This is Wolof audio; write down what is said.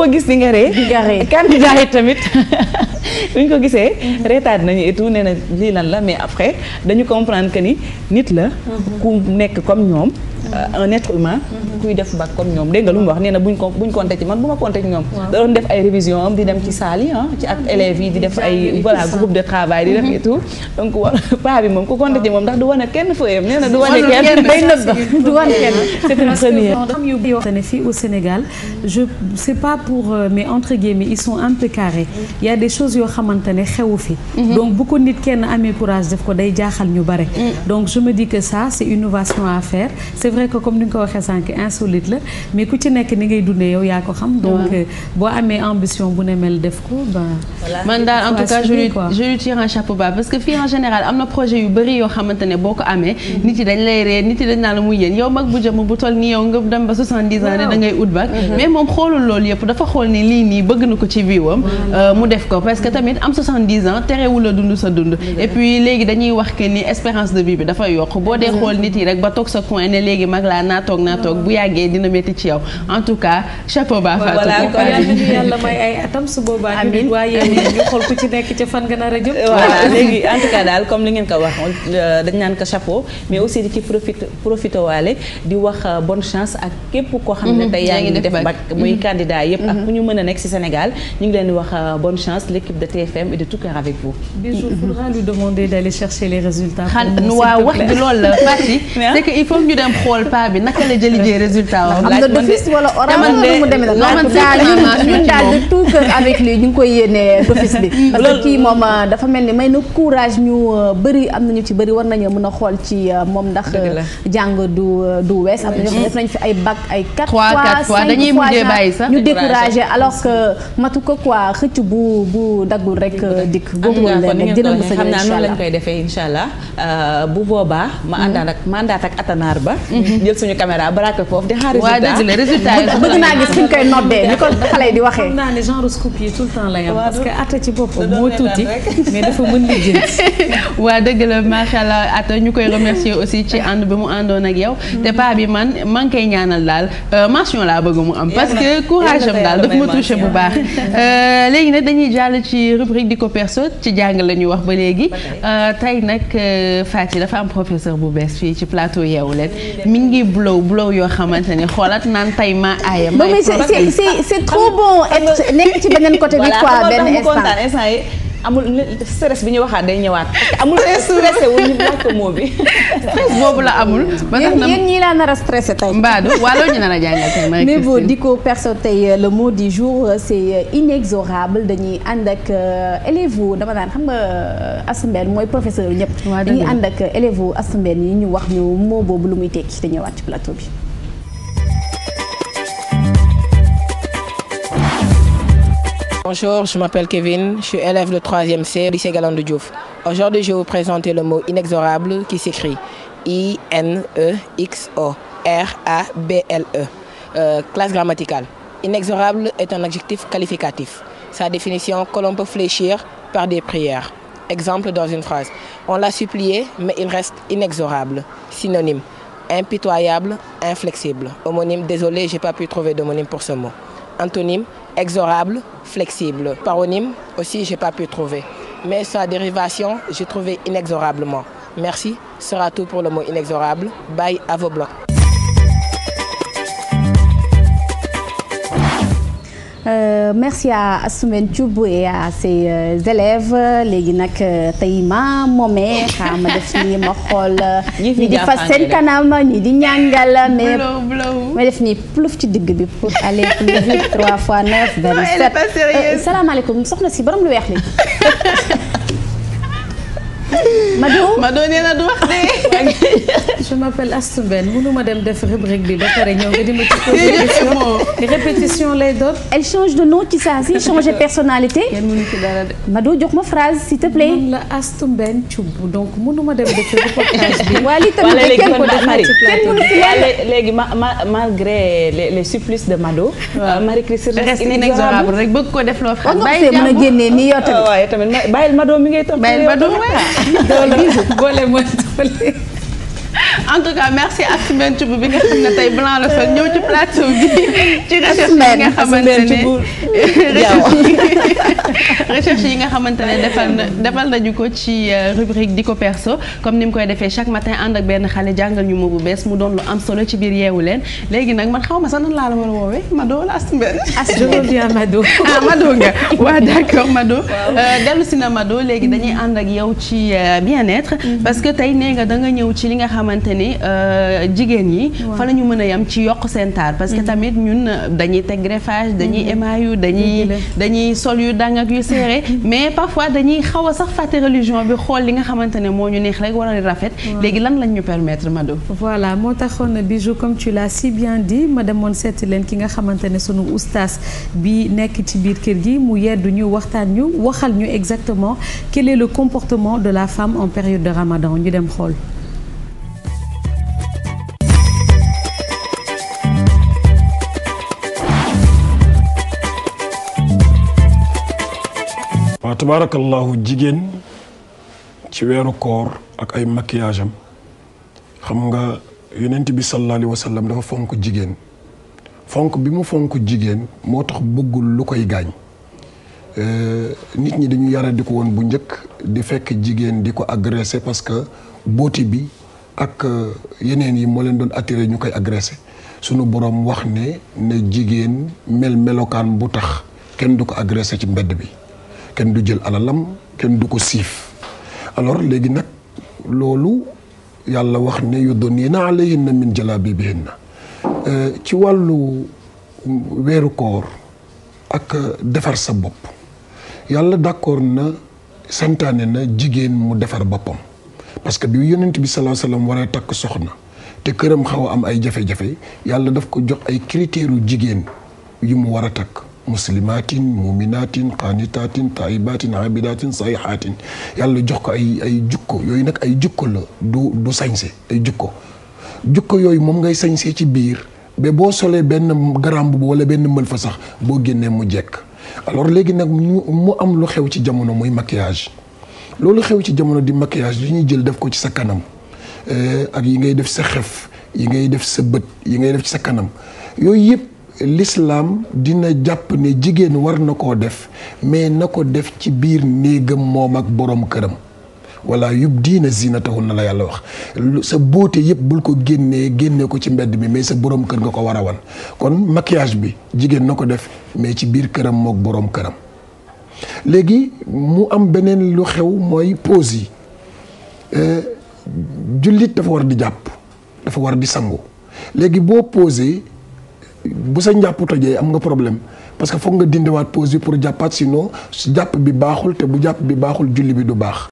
ko gis di nga ree candidat yi tamit duñ ko gisee reetaat nañu et tout na lii lan la mais après dañu comprendre que ni nit la mm-hmm. ku nekk comme ñoom Euh, un être humain kuy def bac comme ñoom dégg nga lu mu wax nee buñ ko ci man bu ma compté ci ñoom da doon def ay révision am di dem ci salle ah, ci ak élèves yi di def ay voilà groupe de travail di def mhm. et tout donc a des choses yoo fi mhm. donc bu ko nit kenn amee courage def ko day jaaxal ñu bare mhm. donc je me dis que ça c'est innovation à faire c'est comme ni nga waxee sànq insolite la mais ku ci nekk ni ngay dundee yow yaa ko xam. donc euh, boo amee ambition bu ne mel def ko man daal en tout cas je lui je lui parce que fii en général am na projet yu bëri yoo xamante boo ko amee. Mm-hmm. nit yi dañ lay ree nit yi dañ naa la muy yéen mag bu jëm bu toll nii yow nga dem ba 70 ans ne da ut bac. Mm-hmm. mais moom xoolul loolu yëpp dafa xool ni lii nii bëgg na ko ci biiwam. Euh, mu def ko parce que tamit a léegi mag laa naa toog naa toog bu yàggee dina métti ci yow en tout cas chapeau ba Fatou. voilà kon yàlla may ay atam su boobaa. amiin waaye ñu xool ci nekk ca fan nga nar a jëm. voilà léegi en tout cas daal comme li ngeen ko wax euh, dañ naan ko mais aussi di ci profité profité waale di wax euh, bonne chance ak képp koo xam ne mhm, tey yaa ngi def bac muy mhm. candidat yëpp ak mhm. ku ñu mën a nekk ci Sénégal ñu ngi leen di wax euh, bonne chance l'équipe de TFM et de tout cœur avec vous. Bijou, il faudra les résultats. la Fati c'est il faut ñu dem xool paa bi naka la jëli jee résultat am na d'office wala oral mu demee ñun daal de tout cœur avec lui ñu koy yéene d'office bi parce que kii moom euh, dafa mel ni may na courage ñu euh, bëri am nañu ci bëri war nañu mën a xool ci euh, moom ndax jàng du du wees am na ñoo xam def nañ fi ay bac ay quatre fois bàyyi sax ñu découragé alors que matu ko quoi xëcc bu bu daggul rek dikk góobul leen dina mës a xam naa noonu lañ koy defee incha allah bu boobaa ma mm-hmm. àndaat ak mandat jël suñu caméra braqué foofu di xaar résultat waaw résultat bëgg naa gis suñ koy noddee ni ko xale yi di waxee xam naa ne genre scoop yi tout que atta ci boppam moo tuuti mais dafa mën di jënd waa dëgg la machallah atta ñu koy remercier aussi ci ànd bi mu àndoon ak yow mm-hmm. te pa bi man man koy ñaanal daal euh, mention laa bëgg mu am parce que courage am daal dafa ma touché bu baax euh, léegi nag dañuy jàll ci rubrique di ko perso ci jàng la ñuy wax ba léegi euh, tey nag yi dafa am professeur bu bees fii ci plateau yeewu leen mi ngi blow blow yoo xamante ni xoolaat naan tay ma aaya. ma c'est c'est trop bon nekk ci beneen côté bi quoi benn instant amul stress bi ñu waxaat day ñëwaat amul stressé wu ñu laaj ko moo bi. stress boobu la amul. ba tax na yéen ñii laa nar a stressé tey. Mbadou waa loolu ñu nar a jàngal tey mais bon Dico Perso euh, le mot du jour euh, c' euh, inexorable dañuy ànd ak élèves wu dama daan xam nga Asambeen mooy professeur yi ñëpp. dañuy ànd ak élèves wu yi ñu wax ñu moo boobu lu muy tekki te ñëwaat ci plateau bi. Bonjour, je m'appelle Kevin, je élève de 3e C au lycée Galandou Diouf. Aujourd'hui, je vous présenter le mot inexorable qui s'écrit i e a b l e -E. Euh, classe grammaticale. Inexorable est un adjectif qualificatif. Sa définition que l'on peut fléchir par des prières. Exemple dans une phrase. On l'a supplié, mais il reste inexorable. Synonyme. Impitoyable, inflexible. Homonyme, désolé, j'ai pas pu trouver d'homonyme pour ce mot. Antonyme, exorable, flexible. Paronyme aussi, j'ai pas pu trouver. Mais sa dérivation, j'ai trouvé inexorablement. Merci sera tout pour le mot inexorable. Bye à vos Euh, merci à Assoumen Thioub et à ses euh, élèves léegi nag euh, tey ma moomee xaar def nii ma xool. Euh, ñi di fas seen kanam ñi di ñàngal. mais ma def nii plouf ci digg bi plus vite 3 fois 9 27. Euh, salaamaaleykum soxna si borom lu weex li Mado Mado nee na du wax de. je m'appelle Astou Mbène mënuma dem def rubrique bi ba pare ñëw nga di ma ci poser répétition les doon. elle change de nom ci saa si changer personnalité. kenn mënu ci dara de. Mado jox ma phrase s'il te plaît. man la Astou Mbène Thioub donc mënuma dem def reportage waa li tamit de kenn ko def na ci plateau les les de Mado. waaw euh, Marie-Christine reste inexorable rek bëgg ko def loo xam. bàyyi jàmm oh mën a génnee nii yow tamit. waaw ah waaye tamit bàyyil Mado mi ngay tam bay Mado waaw. doole doole mooy doole. en tout cas merci ak Sibène bi nga xam ne tey blanc la sol ñëw ci plateau bi ci recherche yi nga xamante ne defal na defal nañu ko ci euh, rubrique di ko perso comme ni mu koy defee chaque matin ànd ak benn xale jàngal ñu moo bu bees mu doon lu am solo ci biir yeewu leen léegi nag man xaw ma sax nan laa la war a woowee Mado wala Asibène Mado ah Mado nga waaw d'accord Mado euh, dellu si na Mado léegi dañuy ànd ak yow ci euh, bien mm-hmm. ne ni euh, jigéen ñi fa la ñu mën a yam ci yokk seen taar parce que mm-hmm. tamit ñun euh, dañuy teg greffage dañuy mm-hmm. émaillu dañuy dañuy sol yu dang ak yu serré mm-hmm. mais parfois dañuy xaw a sax fàtte religion bi xool li nga xamante ne moo ñu neex rek war rafet léegi lan lañ ñu permettre Mado voilà moo tax taxoon bijou comme tu l'as si bien dit ma demoon seeti leen ki nga xamante ne sunu oustaz bi nekk ci biir kër gi mu yeddu ñu waxtaan ñu waxal ñu exactement quel est le comportement de la femme en période de ramadan ñu dem xool tabaarakallahu jigéen ci weeru koor ak ay maquillage xam nga yonent bi sallallahu alayhi wa sallam dafa fonk jigéen fonk bi mu fonk jigéen moo tax bëggul lu koy gaañ euh, nit ñi dañu yara di ko woon bu njëkk di fekk jigéen di ko agressé parce que booti bi ak euh, yeneen yi moo leen doon attiré ñu koy agressé sunu borom wax ne ne jigéen mel melokaan bu tax kenn du ko agressé ci mbedd bi kenn du jël alalam kenn du ko siif alors léegi nag loolu yàlla wax ne yudniina alayhinna min jalaabibihinna euh, ci wàllu weeru koor ak defar sa bopp yàlla d'accord na santaane na jigéen mu defar boppam parce que bi yonent bi salaa war a takk soxna te këram xaw a am ay jafe-jafe yàlla daf ko jox ay critères jigéen yu mu war a takk muslimaatin muminaatin qaanitaatin taayibaatin abidaatin sayihaatin yàlla jox ko ay ay jukko yooyu nag ay jukko la du du sañse ay jukko jukko yooyu moom ngay sañse ci biir ba boo solee benn garamb bu wala benn mbël fa sax boo génnee mu jekk alors léegi nag mu am lu xew ci jamono muy maquillage loolu xew ci jamono di maquillage li ñuy jël def ko ci sa kanam eh, ak yi ngay def sa xef yi ngay def sa bët yi ngay def ci sa kanam yooyu yëpp l'islam dina jàpp ne jigéen war na koo def mais na ko def ci biir néegam moom ak boroom këram wala yub diina na la yàlla wax sa beauté yëpp bul ko génnee génnee ko ci mbedd mi mais sa boroom kër nga ko war a wan kon maquillage bi jigéen na ko def mais ci biir këram mook boroom këram léegi mu am beneen lu xew mooy pose yi euh, jullit dafa war di jàpp dafa war di sangu léegi boo posé bu sa njàpp tojee am nga problème parce que foog nga dindiwaat pause bi pour jàppaat sinon jàpp bi baaxul te bu jàpp bi baaxul julli bi du baax